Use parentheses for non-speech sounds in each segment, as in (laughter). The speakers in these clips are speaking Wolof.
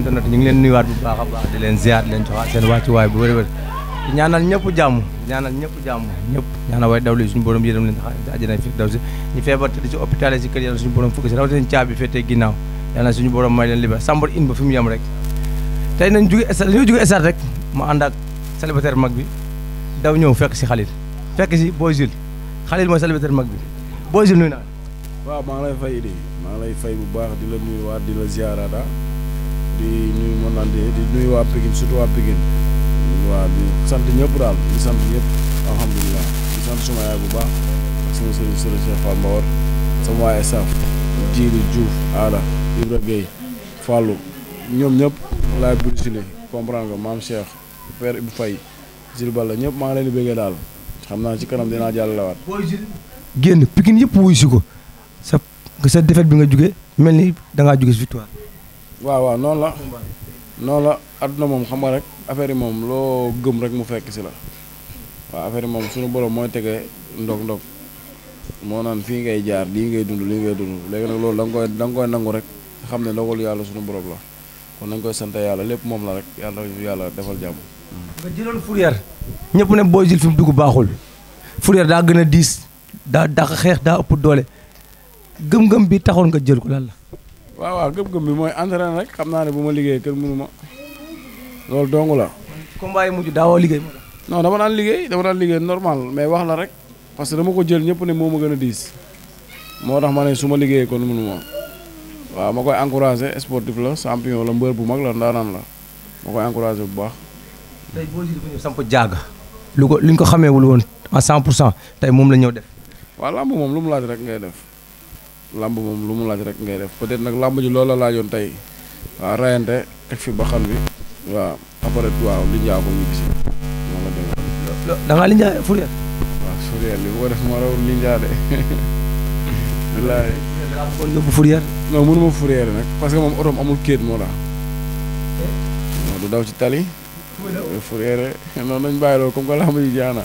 internet ñu ngi leen nuyuwaat bu baax a baax di leen ziar di leen joxaat seen wàccuwaay bu wërëwër ñaanal ñëpp jàmm ñaanal ñëpp jàmm ñëpp ñaanal way dawlu suñu borom yërëm leen tax àjjana fi daw si ñu feebar tëdd ci hôpital yi si kër yàlla suñu borom fukk si rawatina caabi ginnaaw yàlla suñu borom may leen liber sambar in ba fi mu rek tey nañ jóge stade dañoo rek ma ànd ak mag bi daw ñëw fekk si Khalil fekk si Boy Jules Khalil mooy célibataire di nuyu Mawalande di nuyu waa Pikine surtout waa Pikine waa di sant ñëpp daal di sant ñëpp alhamdulilah di sant suma yaay bu baax ak sama sëriñ sëriñ Cheikh Fall Mbawar sama waa staff Djili Diouf Aada Ibra Gueye Fallou ñoom ñëpp laay burisile comprendre nga maam Cheikh père Ibou Faye Zirbal la ñëpp maa ngi leen di bëggee daal xam naa ci kanam dinaa jàllalewaat. génn Pikine yëpp wuy si ko sa sa défaite bi nga jóge mel ni da ngaa si victoire. waaw waaw noonu la noonu la àdduna moom xam nga rek affaire yi moom loo gëm rek mu fekk si la waaw affaire yi moom suñu borom mooy tege ndog ndog moo naan fii ngay jaar lii ngay dund lii ngay dund léegi nag loolu da nga koy da nangu rek xam ne ndogalu yàlla suñu borom la kon nañ koy sant yàlla lépp moom la rek yàlla yàlla defal jàmm. nga jëloon fourrière ñëpp ne Boy Jules fi mu dugg baaxul fourrière daa gën a diis daa daq xeex daa ëpp doole gëm-gëm bi taxoon nga jël ko lan la. waaw waaw gëm-gëm bi mooy entraîné rek xam naa ne bu ma liggéey kër mënu ma loolu dong la. combat yi mujj daawoo liggéey. non dama daan liggéey dama daan liggéey normal mais wax la rek parce que dama ko jël ñëpp ne moo ma gën a diis moo tax ma ne su ma liggéeyee kon mënu ma waaw ma koy encouragé sportif la champion la mbër bu mag la ndaanaan la ma koy encouragé bu baax. tey boo lu ko li ñu ko xamee wul woon à 100 pour cent tey moom la ñëw def. waaw lamb moom lu mu laaj rek ngay def. làmb moom lu mu laaj rek ngay def peut-être nag làmb ji loolu la laajoon tey waaw rayante teg fi baxan bi waaw après waaw li ko ñu gis moo la demee. parce que moom amul kéet moo tax. Eh? daw ci tali. Fourier (laughs) noonu nañ bàyyi loolu comme que làmb ji jaana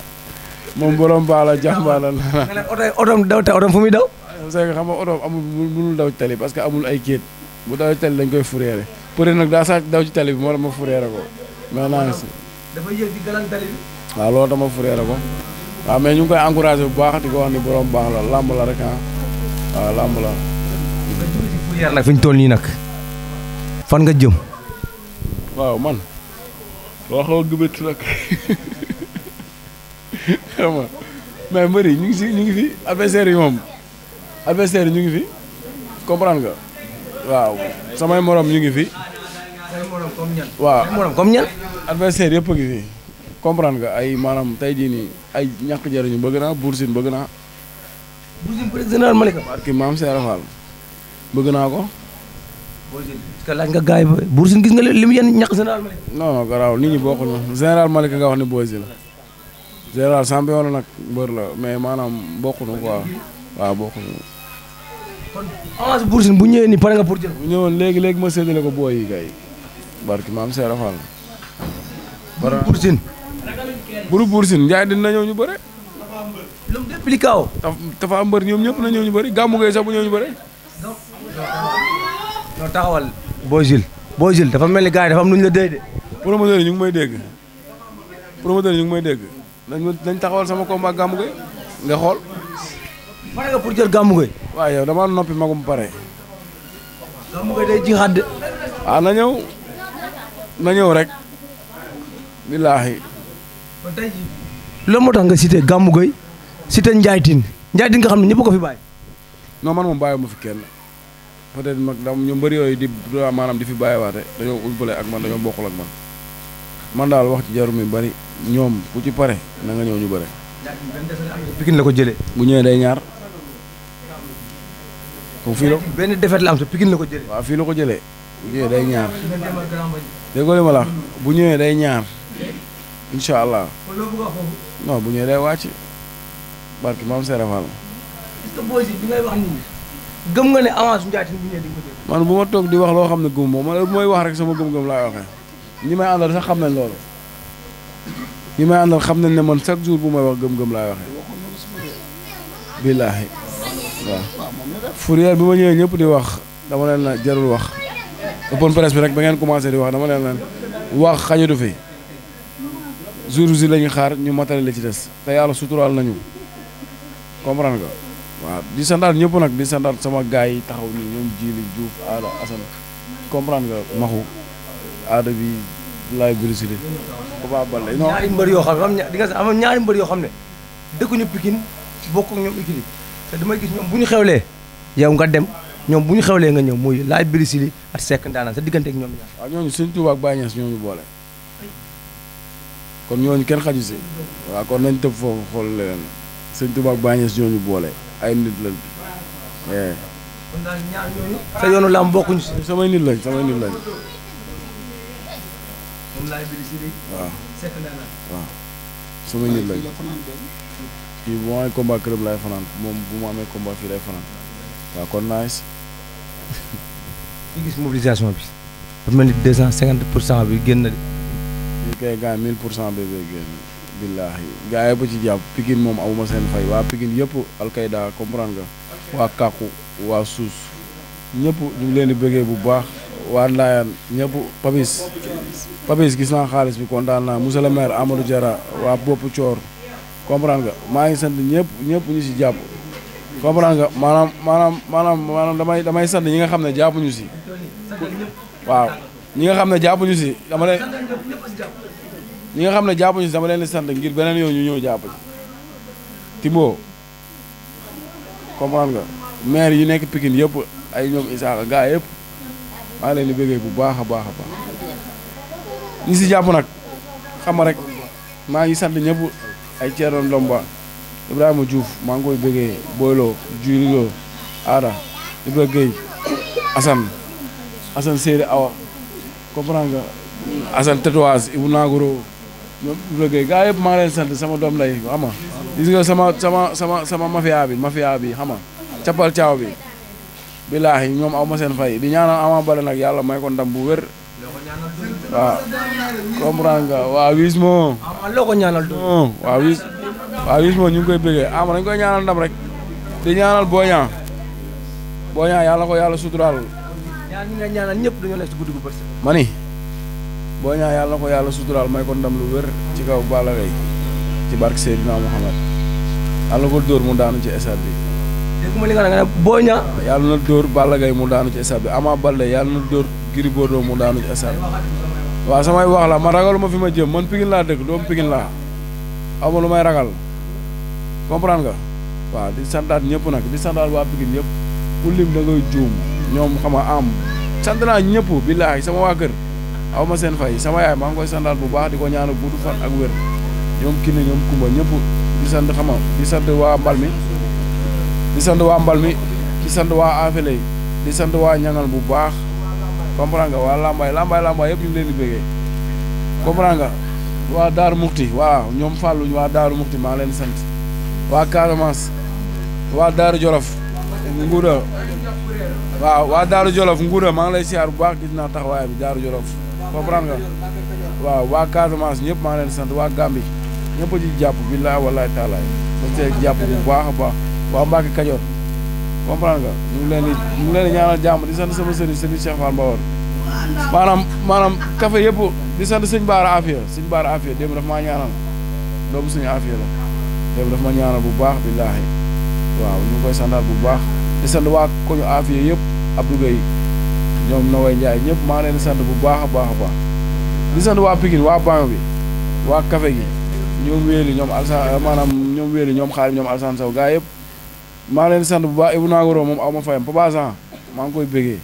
moom borom baa la jàmbaala la. nga oto otoom daw te otoom fu muy daw. c'est que xam nga oto amul mënul daw ci tali parce que amul ay kéet bu daw ci tali dañ koy fureere peut être nag daa sàcc daw ci tali bi moo tax ma ko mais naa ngi si. dafa bu baax di ko wax ni borom baax la làmb la rek ah waaw làmb nga jóge ci fourrière nag fi ñu nga jëm. waaw man waxoo gëbët nag (laughs) xam nga ñu ngi si ñu ngi fi affaire yi moom. adversaire yi ñu ngi fi comprendre nga waaw samay morom ñu ngi fi. waaw morom comme ñan. adversaire yëpp a fi comprendre nga ay maanaam tey jii nii ay ñàkk jariñu bëgg naa Bour bëgg naa. Bour Sine président général Malika. barki maam Seera Fall bëgg naa ko. Bour Sine yi Bour Sine gis nga li mu yenn ñàkk général Malika. non non garaaw nit ñi bokkul général Malika nga wax ne Bour Sine général nag mbër la mais maanaam bokkunu quoi waaw bokkunu. kon avance bu Bour Sine bu ñëwee ni pare nga pour jël. bu ñëwoon léegi léegi ma séddale ko booy yi kay. barki maam Seera Fall. bara Bour Sine. buru Bour Sine Ndiaye dina ñëw ñu bëre. lu mu def li dafa am mbër ñoom ñëpp na ñëw ñu bëri gàmmu sax bu ñëw ñu bëri. non taxawal. Boy Jules Boy Jules dafa mel ni gars yi dafa am lu ñu la déy de. promoteurs yi ñu ngi may dégg promoteurs yi dégg nañ nañ taxawal sama combat gàmmu gay nga xool. ma ne pour jël Gamou Gueye. waaw dama noppi magum pare. Gamou Gueye day jixaat de. ah na ñëw na ñëw rek. billaahi. kon tey moo tax nga cité Gamou Gueye cité Ndiaye Tine nga xam ne ñëpp ko fi bàyyi. non man moom bàyyi ma fi kenn peut-être mag dam yooyu di maanaam di fi bàyyiwaate dañoo ubbale ak man dañoo bokkul ak man man daal wax ci jaru mi bari ñoom ku ci pare na nga ñëw ñu bare Pikine la ko jële bu ñëwee day ñaar. fii la benn defet la am te ko jëlee. waaw fii la ko jëlee bu ñëwee day ñaar déggoo li ma la bu ñëwee day ñaar incha allah non bu ñëwee day wàcc barki maam Serafal. est-ce que gëm nga ne avance Ndiaye Tine bu man bu ma toog di wax loo xam ne gëm moom man mooy wax rek sama gëm-gëm laay waxee ñi may àndal sax xam nañ loolu ñi may àndal xam nañ ne man chaque jour bu may wax gëm-gëm laay waxee. billaahi waaw. Fourier bi ma ñëwee ñëpp di wax dama leen la jarul wax open presse bi rek ba ngeen commencé di wax dama leen naan wax xañutu fi jour ji xaar ñu matale li ci des te yàlla suturaal nañu comprendre nga waaw di sandaat ñëpp nag di sandaat sama gars yi taxaw nii ñoom Jili Diouf Aada Assane comprendre nga maxu aada bi laay brisili Papa Baldé non ñaari mbër yoo xam ne di nga am ñaari mbër yoo xam ne dëkkuñu Pikine bokk ak ñoom équilibre te damay gis ñoom bu ñu xewlee yow nga dem ñoom bu ñu xewlee nga ñëw muy laaj birisili ak sekk ndaanaan sa diggante ak ñoom ñaar ñooñu Sëñ Tuubaa ak Baay Ñas ñooñu boole kon ñooñu kenn xaju si waaw kon nañ tëb foofu xool leneen Sëñ Tuubaa Baay ñooñu boole ay nit lañ eh. sa yoonu laam bokkuñu si samay nit lañ samay nit lañ waaw bu ma combat këram laay fanaan moom bu ma amee combat fii lay fanaan waaw kon nice. ñu gis mobilisation bi. dafa mel ni deux cent cinquante pour cent bi génn de. ñu pour cent bébé génn. billaahi gaa yëpp ci jàpp Pikine moom amuma seen fay waa Pikine yëpp alkayda comprendre nga waa kàqu waa suus ñëpp ñu ngi leen di bëggee bu baax waa Ndayane ñëpp Papis Papis gis naa xaalis bi kontaan naa monsieur le maire Amadou Diarra waa bopp Coor comprendre nga maa ngi sant ñëpp ñëpp ñu si jàpp comprendre nga maanaam maanaam maanaam maanaam damay damay sant ñi nga xam ne jàppuñu si waaw ñi nga xam ne jàppuñu si dama leen ñi nga xam ne jàppuñu si dama leen di sant ngir beneen yooyu ñu ñëw jàpp ci Timbo comprendre nga maire yi nekk Pikine yëpp ay ñoom Isaaka gaa yëpp maa ngi bu baax a baax a baax si jàpp nag xam rek maa ngi sant ñëpp ay Thierno Ndomba Ibrahima Diouf maa ngi koy bëggee Boylo Diourilo Aada Ibra Gueye Assane Assane Séeri Awa comprendre nga Assane Tétoise Ibou yëpp maa sant sama doom lay xam nga gis sama sama sama sama bi mafia bi xam nga caaw bi bilaahi ñoom aw ma fay di ñaanal Ama Baldé nag yàlla may ko bu wér waaw comprendre nga waaw moo waaw Youssou moom ñu ngi koy bëggee am dañu koy ñaanal ndam rek di ñaanal booñaa Niang Boy Niang yàlla ko yàlla suturaal ñaan ñi ñëpp dañoo nekk ci guddi gu bët ma ni yàlla ko yàlla suturaal may ko ndam lu wér ci kaw Balla Gaye ci barke Seydina Muhammad yàlla ko dóor mu daanu ci stade bi dégg ma li nga ne yàlla na dóor Balla gay mu daanu ci stade bi Ama Baldé yàlla na dóor Gris Bordeaux mu daanu ci stade bi samay wax la man ma fi ma jëm man Pikine laa dëkk doomu Pikine laa amul lu may ragal comprendre nga waaw di santaat ñëpp nag di santaat waa Pikine ñëpp ku lim da ngay juum ñoom xam nga am sant naa ñëpp billaahi sama waa kër aw ma seen fay sama yaay maa ngi koy santaat bu baax di ko ñaanal guutu fan ak wér ñoom kinne ñoom kumba ñëpp di sant xam di sant waa mbal mi di sant waa mbal mi di sant waa afele di sant waa ñangal bu baax comprendre nga waa lambaay lambaay lambaay yëpp ñu leen di bégee comprendre nga waa daaru muxti waa ñoom fàlluñ waa daaru muxti maa leen sant waa Casamance waa Daaru Jolof Nguuda waaw waa Daaru Jolof Nguuda maa ngi lay siyaar bu baax gis naa taxawaay bi Daaru Jolof comprendre nga waaw waa Casamance ñëpp maa leen sant waa Gàmbi ñëpp a ji jàpp billaahi wallaahi taalaay ma jàpp bu baax a baax waa Mbacke Kajoor comprendre nga ñu ngi leen di ñu ngi leen di ñaanal jàmm di sant sama sëriñ sëriñ Cheikh Fall Mbawar maanaam maanaam café yëpp di sant sëñ Baara Afia sëñ Baara Afia démb daf maa ñaanal doomu suñu Afia la yow dafa ma ñaanal bu baax billaahi waaw ñu koy santaat bu baax di sant waa koñu Afia yëpp Abdou Gueye ñoom Noé Ndiaye ñëpp maa leen di sant bu baax a baax a baax di sant waa Pikine waa Bango bi waa Café gi ñoom Wéli ñoom Alsaan eh, maanaam ñoom Wéli ñoom Xaalim ñoom Alsaan Sow gaa yëpp maa leen di sant bu baax Ibou Nagoro moom aw ma fayam Papa maa ngi koy bégee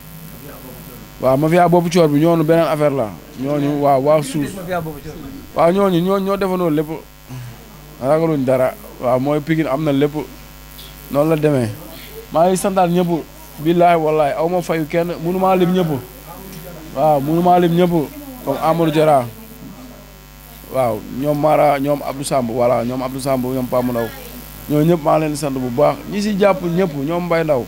waaw mafia boppu coor bi ñoonu beneen affaire la ñooñu waaw waa suuf waaw ñooñu ñoo ñoo defandoo ragaluñ dara waaw mooy Pikine am na lépp noonu la demee maa ngi santaat ñëpp billaay wallaay aw ma fayu kenn mënu maa lim ñëpp waaw mënu maa lim ñëpp comme Amadou Diarra waaw ñoom Mara ñoom Abdou Samb voilà ñoom Abdou Samb ñoom Pam Ndaw ñoo ñëpp maa leen sant bu baax ñi si jàpp ñëpp ñoom Mbaye Ndaw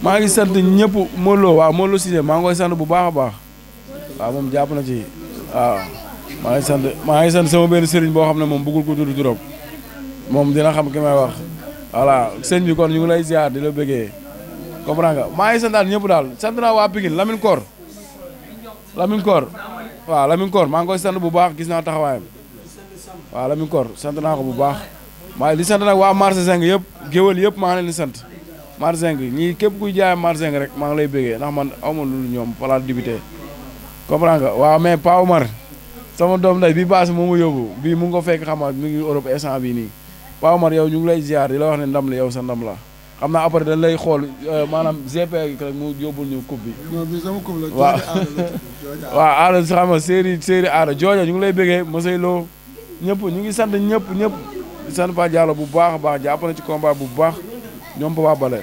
maa ngi sant ñëpp Molo waaw Molo Cissé maa ngi sant bu baax a baax waaw moom jàpp na ci waaw maa ngi maa ngi sant sama benn sëriñ boo xam ne moom bëggul ko tudd turam moom dina xam ki may wax voilà sëñ bi kon ñu ngi lay di la bëggee comprendre maa ngi santaat ñëpp daal sant naa waa Pikine Lamine Koor Lamine Koor maa ngi koy sant bu baax gis naa taxawaayam waa Lamine Koor sant naa ko bu baax maa di sant nag waa marché Zeng yëpp géwél yëpp maa ngi leen di sant marché Zeng ñii képp kuy jaay marché Zeng rek maa ngi lay bëggee ndax man aw lu ñoom palaat dibité comprendre nga waaw mais Pa Omar sama doom nday bi baas moo ma yóbbu bii mu ngi ko fekk xamaa mu ngi Europe instant bii nii Paa Omar yow ñu ngi lay ziar di la wax ne ndam la yow sa ndam la xam naa après dañ lay xool euh, maanaam GP rek mu yóbbul ñu coupe bi. non bi sama coupe waaw waaw aada xam nga séeri séeri aada jooja ñu ngi lay bëggee Mousseye loo ñëpp ñu ngi sant ñëpp ñëpp di sant Paa Diallo bu baax a baax jàpp na ci combat bu baax ñoom Papa Bale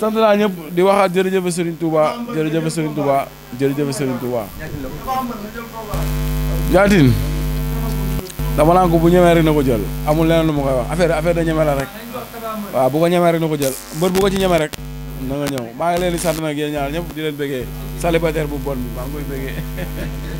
sant naa ñëpp di waxaat jërëjëf Serigne Touba jërëjëf Serigne Touba jërëjëf Serigne Touba. jaatin dama naan bu ñemee rek na ko jël amul leneen lu ma koy wax affaire affaire da ñeme la rek waaw bu ko ñemee rek na ko jël bër bu ko ci ñeme rek na nga ñëw maa ngi leen di sant nag yéen ñaar ñëpp di leen bëggee célibataire bu bon bi maa ngi koy bëggee (laughs)